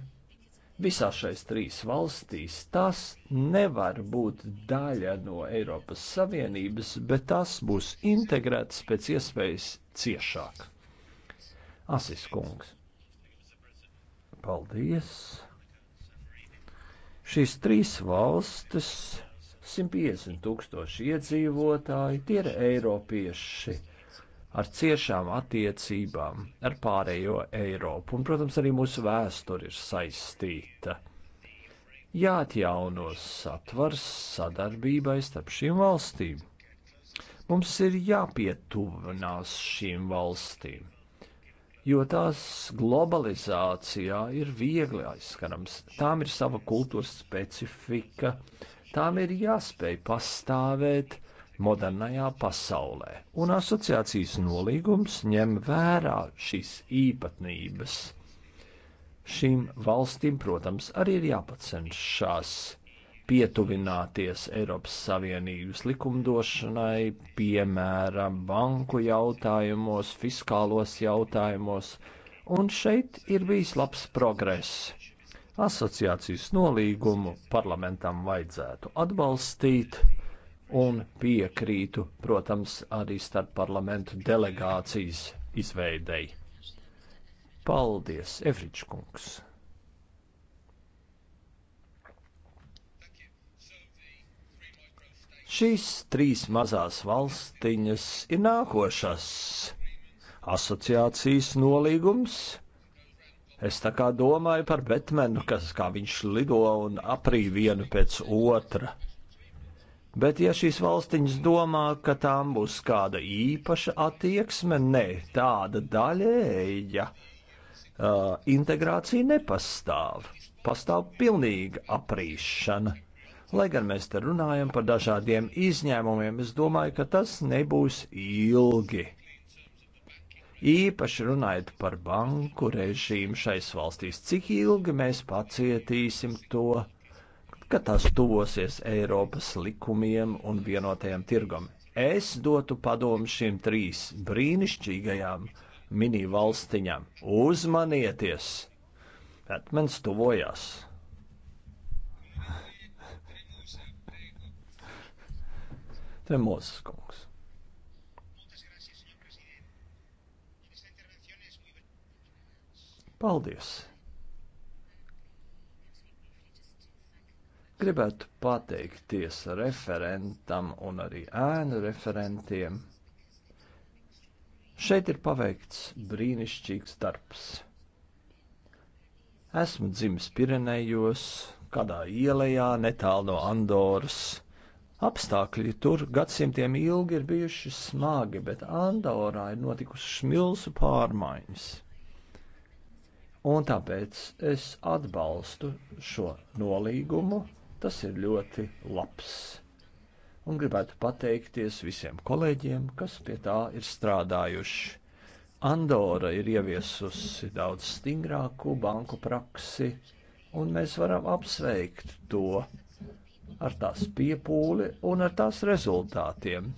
visās šais trīs valstīs, tas nevar būt daļa no Eiropas Savienības, bet tas būs integrēts pēc iespējas ciešāk. Asis kungs. Paldies. Šīs trīs valstis, 150 tūkstoši iedzīvotāji, tie ir eiropieši ar ciešām attiecībām ar pārējo Eiropu, un, protams, arī mūsu vēsture ir saistīta. Jāatjauno satvars sadarbībai starp šīm valstīm. Mums ir jāpietuvinās šīm valstīm, jo tās globalizācijā ir viegli aizskarams, tām ir sava kultūras specifika, tām ir jāspēj pastāvēt, modernajā pasaulē, un asociācijas nolīgums ņem vērā šīs īpatnības. Šīm valstīm, protams, arī ir jāpacenšas pietuvināties Eiropas Savienības likumdošanai, piemēram, banku jautājumos, fiskālos jautājumos, un šeit ir bijis labs progress asociācijas nolīgumu parlamentam vajadzētu atbalstīt, un piekrītu, protams, arī starp parlamentu delegācijas izveidei. Paldies, Evričkungs! Šīs trīs mazās valstiņas ir nākošās asociācijas nolīgums. Es tā kā domāju par Betmenu, kas kā viņš lido un aprī vienu pēc otra. Bet ja šīs valstiņas domā, ka tām būs kāda īpaša attieksme, nē, tāda daļēja uh, integrācija nepastāv. Pastāv pilnīga aprīšana. Lai gan mēs te runājam par dažādiem izņēmumiem, es domāju, ka tas nebūs ilgi. Īpaši runājot par banku režīmu šais valstīs, cik ilgi mēs pacietīsim to? ka tas tuvosies Eiropas likumiem un vienotajam tirgam. Es dotu padomu šīm trīs brīnišķīgajām mini valstiņām. Uzmanieties! Pētmens tuvojās! Te mūsu kungs. Paldies! Gribētu pateikties referentam un arī ēnu referentiem. Šeit ir paveikts brīnišķīgs darbs. Esmu dzimis Pirenejos, kādā ielā netālu no Andoras. Apstākļi tur gadsimtiem ilgi ir bijuši smagi, bet Andorā ir notikušas milzu pārmaiņas. Un tāpēc es atbalstu šo nolīgumu, Tas ir ļoti labs. Un gribētu pateikties visiem kolēģiem, kas pie tā ir strādājuši. Andora ir ieviesusi daudz stingrāku banku praksi, un mēs varam apsveikt to ar tās piepūli un ar tās rezultātiem,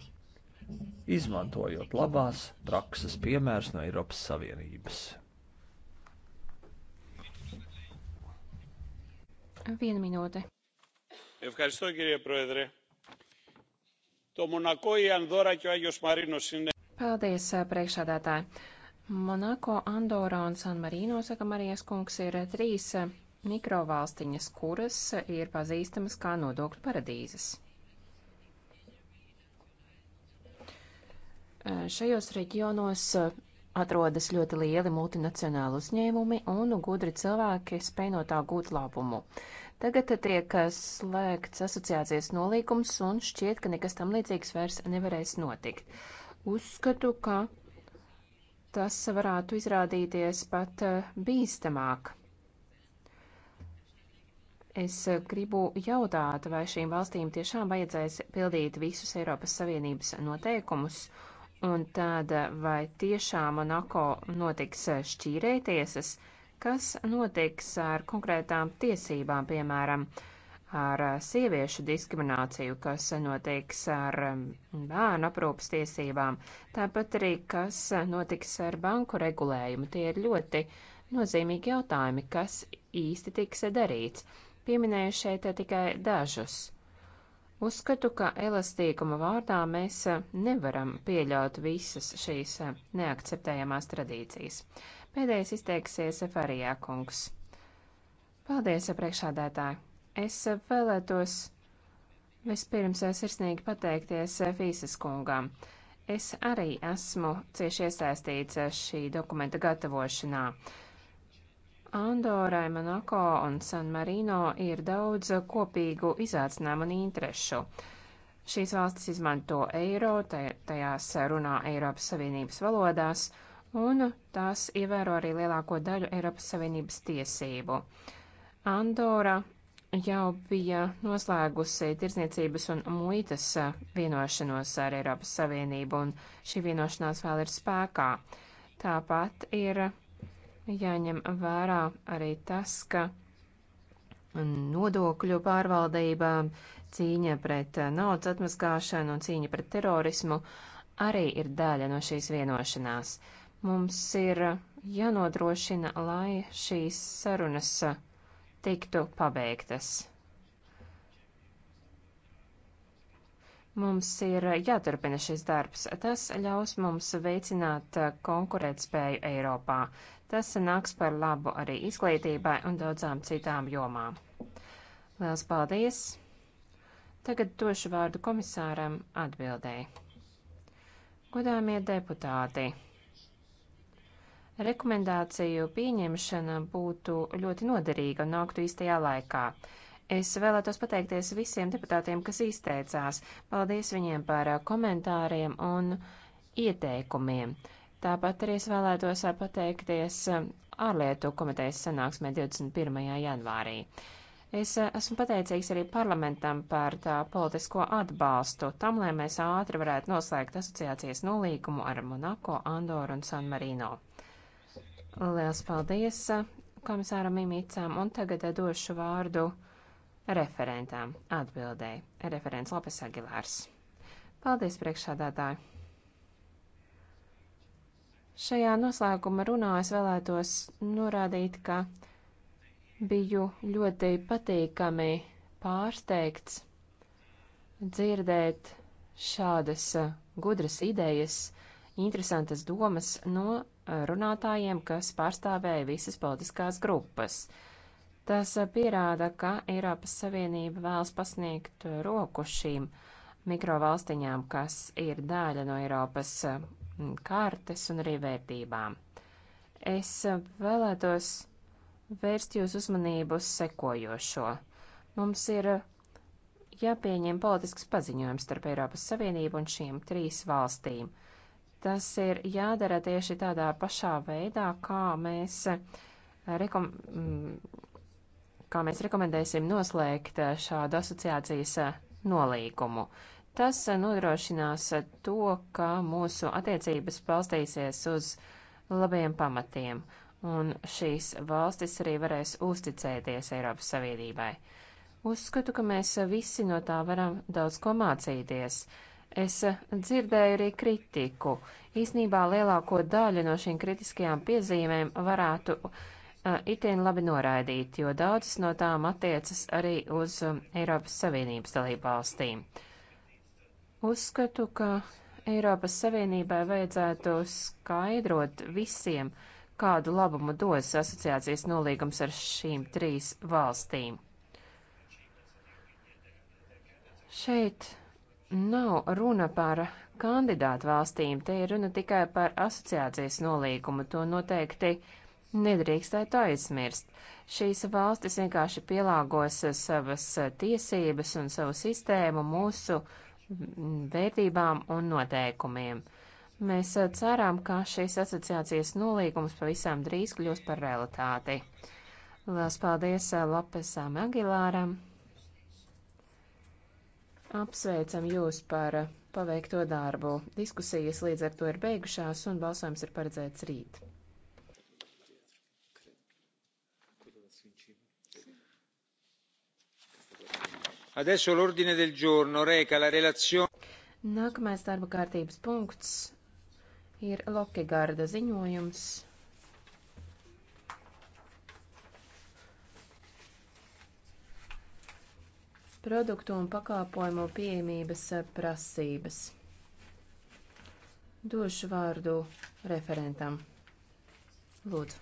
izmantojot labās prakses piemērs no Eiropas Savienības. Viena minūte. Paldies, priekšādātāji! Monako, Andora un San Marino, saka Marijas kungs, ir trīs eh, mikrovalstiņas, kuras eh, ir pazīstamas kā nodokļu paradīzes. Eh, šajos reģionos atrodas ļoti lieli multinacionāli uzņēmumi un gudri cilvēki spēj no tā gūt labumu. Tagad tiek slēgts asociācijas nolīgums un šķiet, ka nekas tam līdzīgs vairs nevarēs notikt. Uzskatu, ka tas varētu izrādīties pat eh, bīstamāk. Es eh, gribu jautāt, vai šīm valstīm tiešām vajadzēs pildīt visus Eiropas Savienības noteikumus, un tad eh, vai tiešām Monako notiks šķīrētiesas. tiesas kas notiks ar konkrētām tiesībām, piemēram, ar sieviešu diskrimināciju, kas notiks ar um, bērnu aprūpas tiesībām, tāpat arī, kas notiks ar banku regulējumu. Tie ir ļoti nozīmīgi jautājumi, kas īsti tiks darīts. Pieminēju šeit tikai dažus. Uzskatu, ka elastīguma vārdā mēs nevaram pieļaut visas šīs neakceptējamās tradīcijas. Pēdējais izteiksies Efārijā kungs. Paldies, priekšādētāji! Es vēlētos vispirms sirsnīgi pateikties Fīsas kungām. Es arī esmu cieši iesaistīts šī dokumenta gatavošanā. Andorai, Monako un San Marino ir daudz kopīgu izaicinājumu un interešu. Šīs valstis izmanto eiro, tajās runā Eiropas Savienības valodās un tās ievēro arī lielāko daļu Eiropas Savienības tiesību. Andora jau bija noslēgusi tirsniecības un muitas vienošanos ar Eiropas Savienību, un šī vienošanās vēl ir spēkā. Tāpat ir jāņem vērā arī tas, ka nodokļu pārvaldība, cīņa pret naudas atmaskāšanu un cīņa pret terorismu arī ir daļa no šīs vienošanās. Mums ir jānodrošina, lai šīs sarunas tiktu pabeigtas. Mums ir jāturpina šis darbs. Tas ļaus mums veicināt konkurētspēju Eiropā. Tas nāks par labu arī izglītībai un daudzām citām jomām. Liels paldies! Tagad došu vārdu komisāram atbildēji. Godāmie deputāti! rekomendāciju pieņemšana būtu ļoti noderīga un nāktu īstajā laikā. Es vēlētos pateikties visiem deputātiem, kas izteicās. Paldies viņiem par komentāriem un ieteikumiem. Tāpat arī es vēlētos pateikties ārlietu komitejas sanāksmē 21. janvārī. Es esmu pateicīgs arī parlamentam par tā politisko atbalstu tam, lai mēs ātri varētu noslēgt asociācijas nolīgumu ar Monako, Andoru un San Marino. Lielas paldies komisāram Mimicam, un tagad došu vārdu referentām atbildēji. Referents Lopes Agilārs. Paldies, priekšādātāji! Šajā noslēguma runā es vēlētos norādīt, ka biju ļoti patīkami pārsteigts dzirdēt šādas gudras idejas interesantas domas no eh, runātājiem, kas pārstāvēja visas politiskās grupas. Tas eh, pierāda, ka Eiropas Savienība vēlas pasniegt eh, roku šīm mikrovalstiņām, kas ir daļa no Eiropas kārtas un arī vērtībām. Es vēlētos vērst jūs uzmanību uz sekojošo. Mums ir jāpieņem politisks paziņojums starp Eiropas Savienību un šīm trīs valstīm. Tas ir jādara tieši tādā pašā veidā, kā mēs, eh, rekom mm, kā mēs rekomendēsim noslēgt eh, šādu asociācijas eh, nolīgumu. Tas nodrošinās to, ka mūsu attiecības palstīsies uz labiem pamatiem, un šīs valstis arī varēs uzticēties Eiropas Savienībai. Uzskatu, ka mēs visi no tā varam daudz ko mācīties. Es dzirdēju arī kritiku. Īsnībā lielāko daļu no šīm kritiskajām piezīmēm varētu uh, itin labi noraidīt, jo daudzas no tām attiecas arī uz um, Eiropas Savienības dalībvalstīm. Uzskatu, ka Eiropas Savienībai vajadzētu skaidrot visiem, kādu labumu dos asociācijas nolīgums ar šīm trīs valstīm. Šeit nav runa par kandidātu valstīm, te ir runa tikai par asociācijas nolīgumu, to noteikti nedrīkstētu aizmirst. Šīs valstis vienkārši pielāgos savas tiesības un savu sistēmu mūsu vērtībām un noteikumiem. Mēs ceram, ka šīs asociācijas nolīgums pavisam drīz kļūs par realitāti. Lielas paldies Lopesam Agilāram! Apsveicam jūs par eh, paveikto darbu. Diskusijas līdz ar to ir beigušās un balsojums ir paredzēts rīt. Adesso l'ordine del giorno reca la relazione. Nākamais darba kārtības punkts ir Lokegarda ziņojums. produktu un pakāpojumu pieejamības eh, prasības. Došu vārdu referentam. Lūdzu.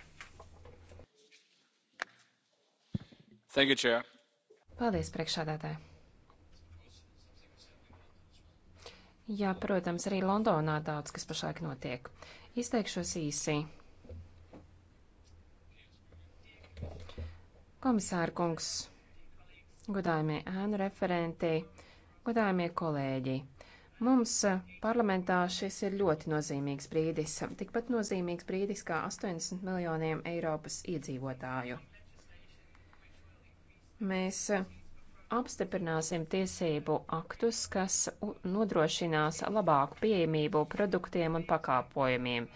Thank you, Chair. Paldies, priekšādātāji. Jā, protams, arī Londonā daudz, kas pašlaik notiek. Izteikšos īsi. Komisāra kungs, godājumie ēnu referenti, godājumie kolēģi. Mums eh, parlamentā šis ir ļoti nozīmīgs brīdis, tikpat nozīmīgs brīdis kā 80 miljoniem Eiropas iedzīvotāju. Mēs eh, apstiprināsim tiesību aktus, kas nodrošinās labāku pieejamību produktiem un pakāpojumiem.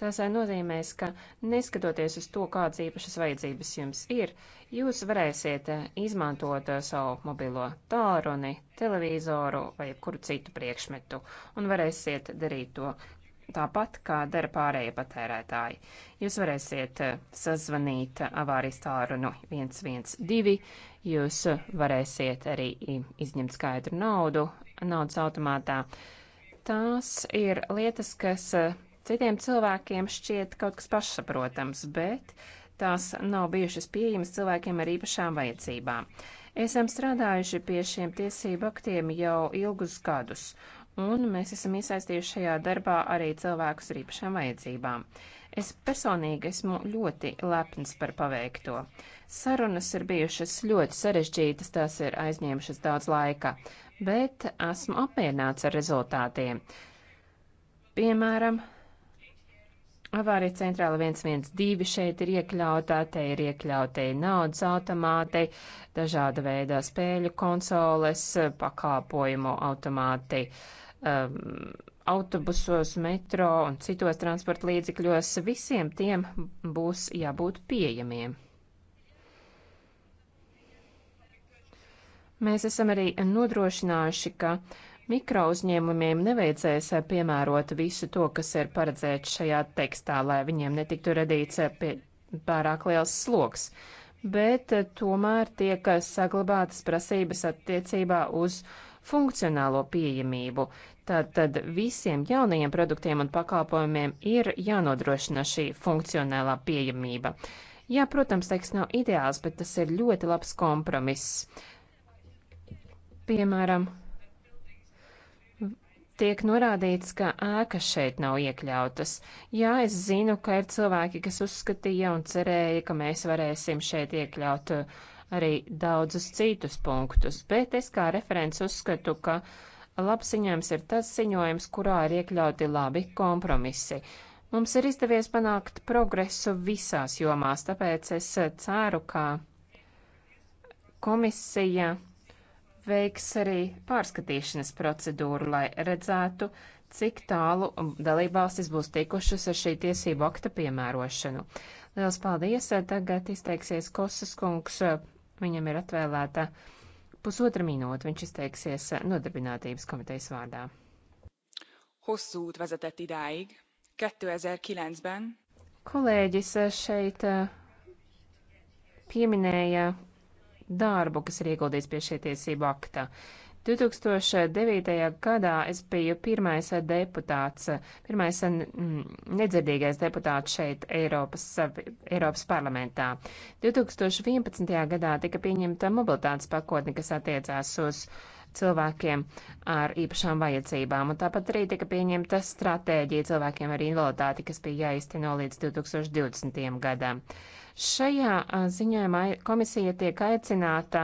Tas eh, nozīmēs, ka neskatoties uz to, kādas īpašas vajadzības jums ir, jūs varēsiet eh, izmantot eh, savu mobilo tālruni, televizoru vai kuru citu priekšmetu un varēsiet darīt to tāpat, kā dara pārējie patērētāji. Jūs varēsiet sazvanīt avārijas tālrunu 112, jūs varēsiet arī izņemt skaidru naudu naudas automātā. Tās ir lietas, kas Citiem cilvēkiem šķiet kaut kas pašsaprotams, bet tās nav bijušas pieejamas cilvēkiem ar īpašām vajadzībām. Esam strādājuši pie šiem tiesību aktiem jau ilgus gadus, un mēs esam iesaistījuši šajā darbā arī cilvēkus ar īpašām vajadzībām. Es personīgi esmu ļoti lepns par paveikto. Sarunas ir bijušas ļoti sarežģītas, tās ir aizņēmušas daudz laika, bet esmu apmierināts ar rezultātiem. Piemēram, Avārija centrāla 112 šeit ir iekļautā, te ir iekļautie naudas automāti, dažāda veida spēļu konsoles, pakāpojumu automāti. Um, autobusos, metro un citos transporta līdzekļos visiem tiem būs jābūt pieejamiem. Mēs esam arī nodrošinājuši, ka uh, Mikrouzņēmumiem nevajadzēs eh, piemērot visu to, kas ir paredzēts šajā tekstā, lai viņiem netiktu radīts eh, pārāk liels sloks, bet eh, tomēr tiek saglabātas prasības attiecībā uz funkcionālo pieejamību. Tātad visiem jaunajiem produktiem un pakalpojumiem ir jānodrošina šī funkcionālā pieejamība. Jā, protams, teksts nav ideāls, bet tas ir ļoti labs kompromiss. Piemēram, Tiek norādīts, ka ēkas šeit nav iekļautas. Jā, es zinu, ka ir cilvēki, kas uzskatīja un cerēja, ka mēs varēsim šeit iekļaut uh, arī daudzus citus punktus, bet es kā referents uzskatu, ka labs ziņojums ir tas ziņojums, kurā ir iekļauti labi kompromisi. Mums ir izdevies panākt progresu visās jomās, tāpēc es uh, ceru, ka komisija veiks arī pārskatīšanas procedūru, lai redzētu, cik tālu dalībvalstis būs tikušas ar šī tiesību akta piemērošanu. Liels paldies! Tagad izteiksies Kosas kungs. Viņam ir atvēlēta pusotra minūte. Viņš izteiksies nodarbinātības komitejas vārdā. Hosszú út vezetett idáig. 2009-ben. Kolēģis šeit eh, pieminēja darbu, kas ir ieguldīts pie šī tiesību akta. 2009. gadā es biju pirmais deputāts, pirmais nedzirdīgais deputāts šeit Eiropas, Eiropas parlamentā. 2011. gadā tika pieņemta mobilitātes pakotne, kas attiecās uz cilvēkiem ar īpašām vajadzībām, un tāpat arī tika pieņemta stratēģija cilvēkiem ar invaliditāti, kas bija jāizteno līdz 2020. gadam. Šajā ziņojumā komisija tiek aicināta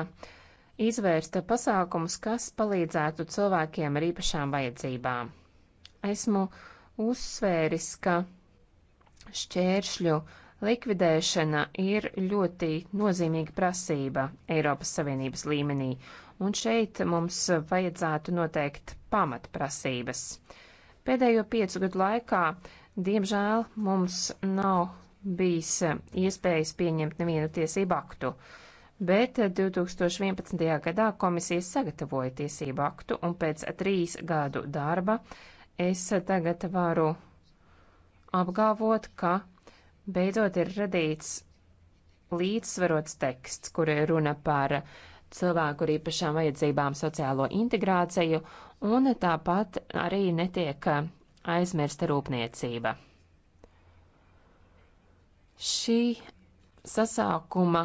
izvērsta pasākums, kas palīdzētu cilvēkiem ar īpašām vajadzībām. Esmu uzsvēris, ka šķēršļu likvidēšana ir ļoti nozīmīga prasība Eiropas Savienības līmenī, un šeit mums vajadzētu noteikt pamatprasības. Pēdējo piecu gadu laikā, diemžēl, mums nav bijis iespējas pieņemt nevienu tiesību aktu, bet 2011. gadā komisija sagatavoja tiesību aktu, un pēc trīs gadu darba es tagad varu apgalvot, ka beidzot ir radīts līdzsvarots teksts, kur ir runa par uh, cilvēku ar īpašām vajadzībām sociālo integrāciju, un tāpat arī netiek eh, aizmirsta rūpniecība. Šī sasaukuma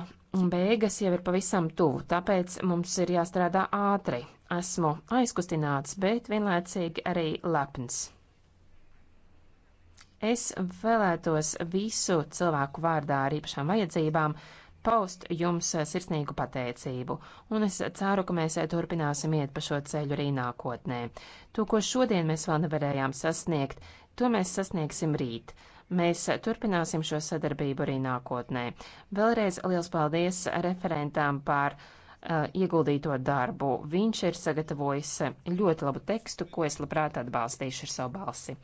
beigas jau ir pavisam tuvu, tāpēc mums ir jāstrādā ātri. Esmu aizkustināts, bet vienlaicīgi arī lepns. Es vēlētos visu cilvēku vārdā ar īpašām vajadzībām paust jums eh, sirsnīgu pateicību, un es ceru, ka mēs eh, turpināsim iet pa šo ceļu arī nākotnē. To, ko šodien mēs vēl nevarējām sasniegt, to mēs sasniegsim rīt. Mēs eh, turpināsim šo sadarbību arī nākotnē. Vēlreiz liels paldies referentām par uh, ieguldīto darbu. Viņš ir sagatavojis ļoti labu tekstu, ko es labprāt atbalstīšu ar savu balsi.